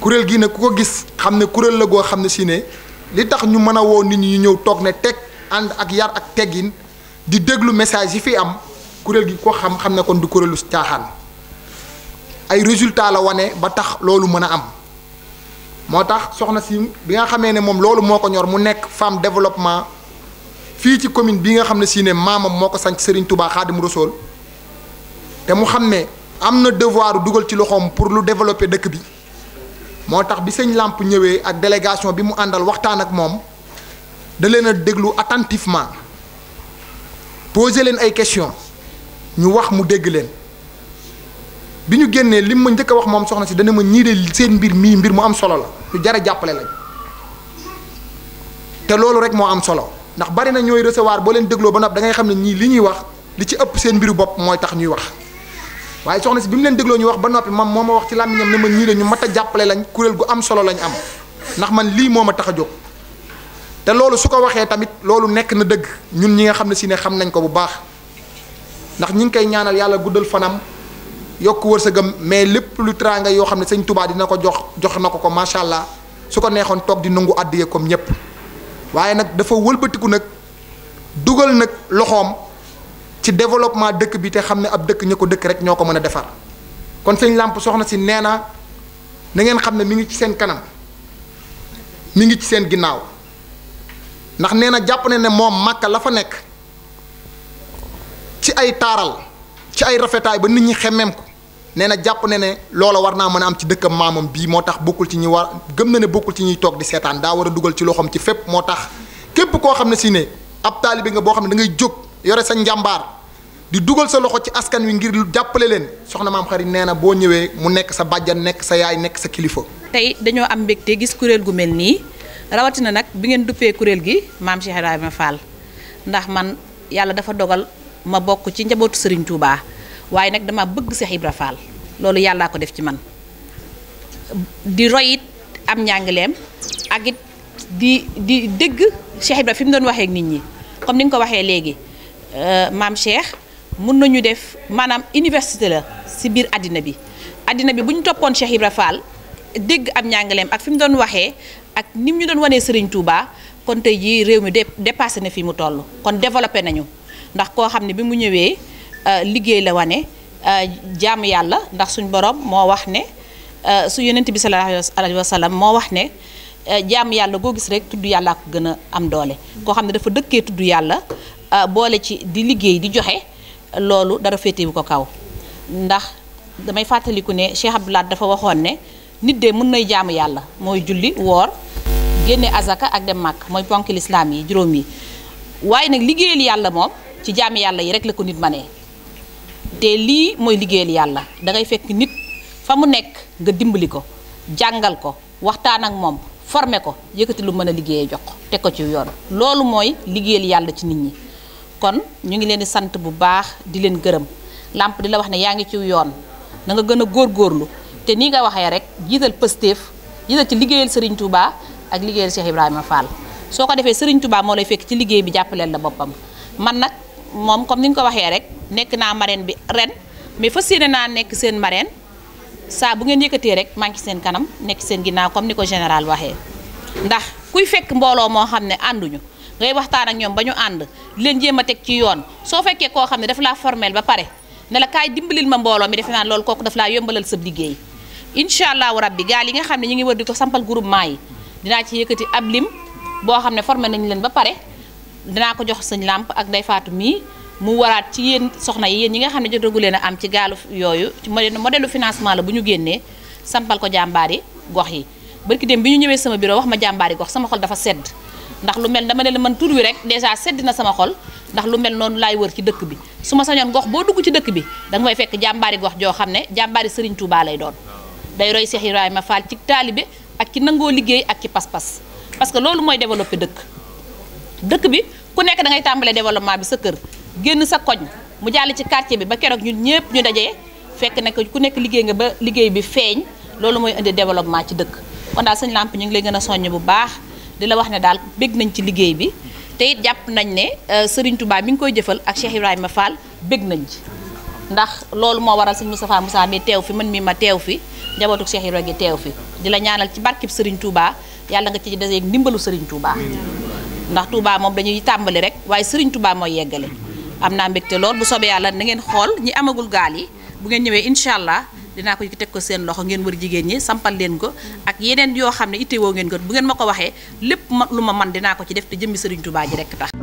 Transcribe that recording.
kuréel gii nag ku ko gis xam ne kuréel la goo xam ne si ne li tax ñu mën a woon nit ñu ñëw toog ne teg ànd ak yar ak teggin di déglu message yi fi am kuréel gi ko xam xam ne kon du kuréelu caaxaan ay résultat la wane ba tax loolu mën a am moo tax soxna si bi nga xamee ne moom loolu moo ko ñor mu nekk femme développement fii ci commune bi nga xam ne si ne maamam moo ko sanc Serigne Touba Xaadimu Rasuul te mu xam ne am na devoir dugal ci loxoom pour lu développer dëkk bi moo tax bi sëñ làmp ñëwee ak délégation bi mu àndal waxtaan ak moom da leen a déglu attentivement poser leen ay questions ñu wax mu dégg leen bi ñu génnee lim ma njëkk wax moom soxna si dana ma ñii de seen mbir mii mbir mu am solo la lu jar jàppale lañ te loolu rek moo am solo ndax bari na ñooy recevoir boo leen dégloo ba nopp dangay xam ne ñii li ñuy wax li ci ëpp seen mbiru bopp mooy tax ñuy wax. waye soxna ci bimu len deglo ñu wax ba nopi mom moma wax ci làmmiñam ne ma ñi de ñu mata jappalé lañ kurel gu am solo lañ am nak man limo moma taxa jox té lolu suko waxé tamit lolu nek na deug ñun ñi nga xamné ne ne xam nañ ko bu baax nak ñi ngi ñaanal yalla guddal fanam yok wërsëgam mais lepp lu tranga yo xamné ne touba dina ko jox jox nako ko machallah suko neexon tok di nungu àddiye kom ñëpp waye nak dafa wëlbeutiku nak dugal nak loxom ci développement dëkk bi te xam ne ab dëkk ñoo ko dëkk rek ñoo ko mën a defar kon sëñ làmp soxna si nee na na ngeen xam ne mi ngi ci seen kanam mi ngi ci seen ginnaaw ndax nee na jàpp ne ne moom màkka la fa nekk ci ay taaral ci ay rafetaay ba nit ñi xemmeem ko nee na jàpp ne ne loola war naa mën a am ci dëkk maamam bii moo tax bokkul ci ñi war gëm na ne bokkul ci ñuy toog di seetaan daa war a dugal ci loxoom ci fépp moo tax képp koo xam ne si ne ab taalibe nga boo xam ne da ngay jóg yore sañ njàmbaar di dugal sa loxo ci askan wi ngir jàppale leen soxna maam xarit nee na boo ñëwee mu nekk sa bàjjan nekk sa yaay nekk sa kilifa. tey dañoo am mbégte gis kuréel gu mel nii rawatina nag bi ngeen duppee kuréel gi maam Cheikh Ibrahima ndax man yàlla dafa dogal ma bokk ci njabootu Serigne Touba waaye nag dama bëgg Cheikh Ibra Fall loolu ko def ci man di royit am njàngaleem ak it di di dégg Cheikh Ibra fi mu doon waxee nit ñi comme ni nga ko waxee léegi euh, maam Cheikh. mun nañu def maanaam université la si biir àddina bi àddina bi bu ñu toppoon Cheikh Ibra dégg am njàngaleem ak fi mu doon waxee ak ni mu ñu doon wanee Serigne Touba kon tey jii réew mi dépassé na fi mu toll kon développé nañu ndax koo xam ne bi mu ñëwee euh, liggéey la wane euh, jàmm yàlla ndax suñu borom moo wax ne euh, su yonent bi sallallahu alayhi wa sallam moo wax ne jaamu yàlla goo gis rek tudd yàllaa ko gën a am doole. koo xam ne dafa dëkkee tudd yàlla boole ci di liggéey di joxe. loolu dara féetewu ko kaw ndax damay fàttaliku ne Cheikh Abdou dafa waxoon ne nit de mën nay jaamu yàlla mooy julli woor génne azaka ak dem màkk mooy ponk lislaam yi juróom yi waaye nag liggéeyal yàlla moom ci jaami yàlla yi rek la ko nit manee te lii mooy liggéeyal yàlla dangay fekk nit fa mu nekk nga dimbali ko jàngal ko waxtaan ak moom former ko yëkkati lu mën a liggéeye jox ko teg ko ci yoon loolu mooy liggéeyal yàlla ci nit ñi kon ñu ngi leen di sant bu baax di leen gërëm làmp di la wax ne yaa ngi ci yoon na nga gën a góorgóorlu te nii nga waxee rek jiital pëstéef jiital ci liggéeyal Serigne Touba ak liggéeyal Cheikh Ibrahima Fall soo ko defee Serigne Touba moo lay fekk ci liggéey bi jàppaleel la boppam man nag moom comme ni nga ko waxee rek nekk naa marraine bi ren mais fas yéene naa nekk seen marraine saa bu ngeen yëkkatee rek maa seen kanam nekk seen ginnaaw comme ni ko général waxee ndax kuy fekk mbooloo moo xam ne ànduñu ngay waxtaan ak ñoom ba ñu ànd di leen jéem a teg ci yoon soo fekkee koo xam ne daf laa formel ba pare ne la kaay dimbalil ma mbooloo mi defe naan loolu kooku daf laa yombalal sab liggéey incha allahu rabbi gaal yi nga xam ne ñu ngi wër di ko sampal groupement yi dinaa ci yëkkati ab lim boo xam ne formé nañ leen ba pare dinaa ko jox sëñ làmp ak nday faatu mii mu waraat ci yéen soxna yi yéen ñi nga xam ne jotagu leen a am ci gaalu yooyu ci modèle financement la bu ñu génnee sampal ko jàmbaari gox yi barki dem bi ñu ñëwee sama bureau wax ma jàmbaari gox sama xol dafa sedd ndax lu mel dama ne la man tur wi rek dèjà sedd na sama xol ndax lu mel noonu laay wër ci dëkk bi su ma sañoon gox boo dugg ci dëkk bi da nga fekk jàmbaari gox joo xam ne jàmbaari Serigne Touba lay doon day roy Cheikh ma faal ci taalibe ak ci nangoo liggéey ak ci pas-pas parce que loolu mooy développé dëkk dëkk bi ku nekk da ngay tàmbalee développement bi sa kër génn sa koñ mu jàll ci quartier bi ba keroog ñun ñëpp ñu dajee fekk ne ku nekk liggéey nga ba liggéey bi feeñ loolu mooy indi développement ci dëkk kon daal sëñ ñu ngi lay gën a soññ bu baax di la wax ne daal bég nañ ci liggéey bi te it jàpp nañ ne euh, Serigne Touba bi ngi koy jëfal ak Cheikh ma Fall bég nañ ci ndax loolu moo waral sëñ Moustapha Moussa mi teew fi man mii ma teew fi njabootu Cheikh Ibrahima gi teew fi di ñaanal ci barkib Serigne Touba yàlla nga ci desee ndimbalu Serigne Touba ndax Touba moom dañuy tàmbali rek waaye Serigne Touba mooy yeggale am naa mbégte lool bu soobee yàlla na ngeen xool ñi amagul gaal yi bu ngeen ñëwee incha allah dinaa ko ci teg ko seen loxo ngeen wër jigéen ñi sampal leen ko ak yeneen yoo xam ne ittewoo ngeen ko bu ngeen ma ko waxee lépp ma lu ma man dinaa ko ci def te jëmmi Sëriñ Tuubaa ji rekk tax